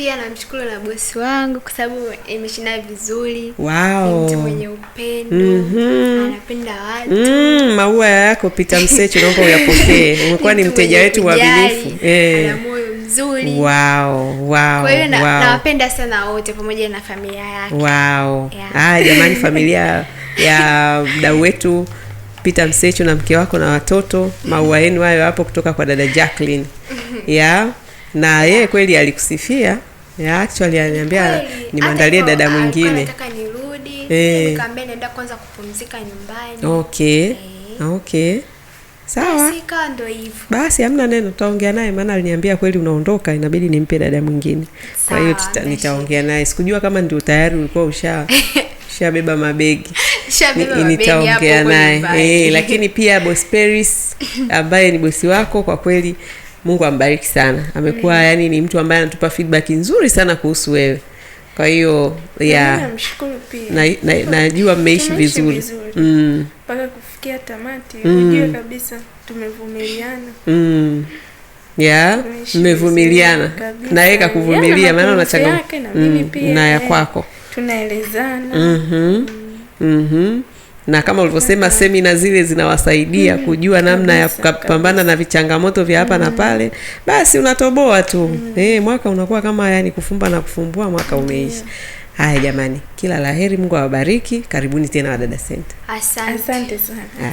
Pia namshukuru na bosi wangu kwa sababu imeshinda vizuri. Wow. Mtu mwenye upendo. Mm -hmm. Anapenda watu. Mm, maua yako Pita msechi naomba uyapokee. Umekuwa ni mteja wetu wa mwaminifu. Eh. Ana Wow, wow. Kwa hiyo nawapenda wow. Nawapenda sana wote pamoja na familia yake. Wow. Yeah. Ah, jamani familia ya mdau wetu Pita Msechu na mke wako na watoto, maua yenu hayo hapo kutoka kwa dada Jacqueline. Yeah na yeye yeah. kweli alikusifia yeah, actually aliniambia nimwandalie dada mwingine eh. Okay. Eh. Okay. Sawa basi, hamna neno, tutaongea naye, maana aliniambia kweli unaondoka, inabidi nimpe dada mwingine. Kwa hiyo nitaongea naye, sikujua kama ndio tayari ulikuwa usha ushabeba mabegi nitaongea naye eh, lakini pia boss Paris ambaye ni bosi wako kwa kweli Mungu ambariki sana, amekuwa mm. Yani ni mtu ambaye anatupa feedback nzuri sana kuhusu wewe. Kwa hiyo ya najua mmeishi vizuri mm. mpaka kufikia tamati, mm. unajua kabisa tumevumiliana mm. Yeah, mmevumiliana na yeye kakuvumilia, maana na unachagua mm. na ya kwako tunaelezana. mhm mm -hmm. mm -hmm na kama ulivyosema semina zile zinawasaidia mm -hmm. kujua namna ya kupambana na vichangamoto vya hapa mm -hmm. na pale, basi unatoboa tu mm -hmm. eh, mwaka unakuwa kama yani kufumba na kufumbua, mwaka umeisha. yeah. Haya jamani, kila laheri, Mungu awabariki. Karibuni tena Wadada Center. Asante, asante sana.